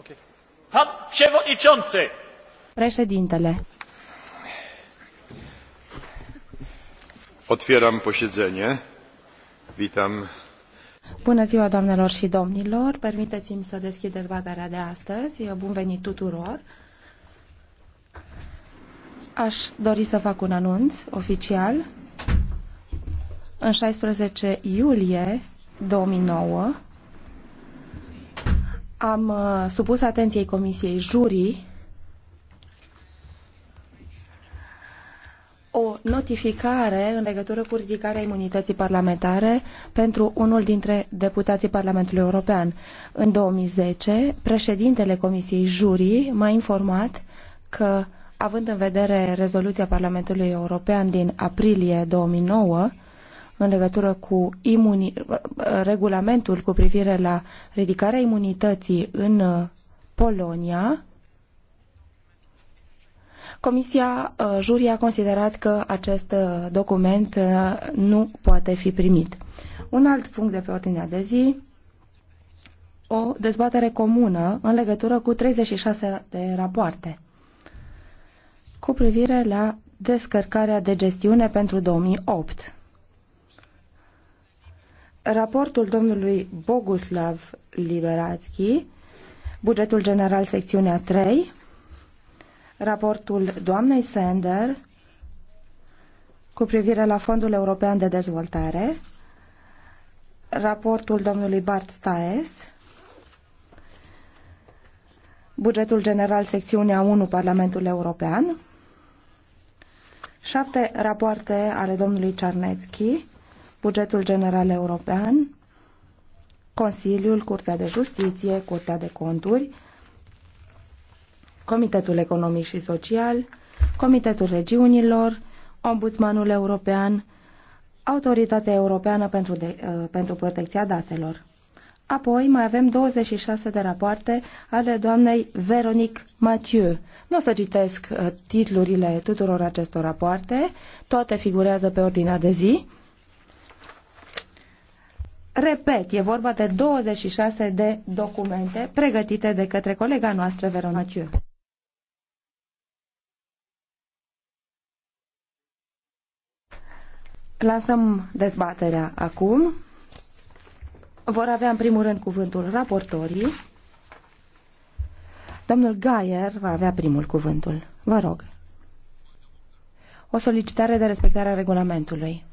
Okay. Președintele. Otwieram posiedzenie. Witam. Bună ziua, doamnelor și domnilor. Permiteți-mi să deschid dezbaterea de astăzi. Bun venit tuturor. Aș dori să fac un anunț oficial. În 16 iulie 2009, am uh, supus atenției Comisiei Jurii o notificare în legătură cu ridicarea imunității parlamentare pentru unul dintre deputații Parlamentului European. În 2010, președintele Comisiei Jurii m-a informat că, având în vedere rezoluția Parlamentului European din aprilie 2009, în legătură cu imuni, regulamentul cu privire la ridicarea imunității în uh, Polonia, Comisia uh, Juri a considerat că acest uh, document nu poate fi primit. Un alt punct de pe ordinea de zi, o dezbatere comună în legătură cu 36 de rapoarte cu privire la descărcarea de gestiune pentru 2008 raportul domnului Boguslav Liberatski, bugetul general secțiunea 3, raportul doamnei Sender cu privire la Fondul European de Dezvoltare, raportul domnului Bart Staes, bugetul general secțiunea 1 Parlamentul European, șapte rapoarte ale domnului Cernețchi, bugetul general european, Consiliul, Curtea de Justiție, Curtea de Conturi, Comitetul Economic și Social, Comitetul Regiunilor, Ombudsmanul European, Autoritatea Europeană pentru, de, uh, pentru Protecția Datelor. Apoi mai avem 26 de rapoarte ale doamnei Veronique Mathieu. Nu o să citesc uh, titlurile tuturor acestor rapoarte, toate figurează pe ordinea de zi. Repet, e vorba de 26 de documente pregătite de către colega noastră, Verona Thieu. Lansăm dezbaterea acum. Vor avea în primul rând cuvântul raportorii. Domnul Gaier va avea primul cuvântul. Vă rog. O solicitare de respectare a regulamentului.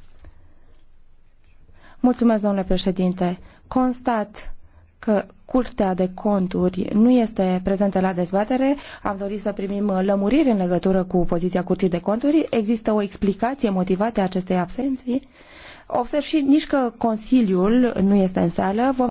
Mulțumesc, domnule președinte. Constat că Curtea de Conturi nu este prezentă la dezbatere. Am dorit să primim lămuriri în legătură cu poziția Curții de Conturi. Există o explicație motivată a acestei absenții. Observ și nici că Consiliul nu este în sală. Vom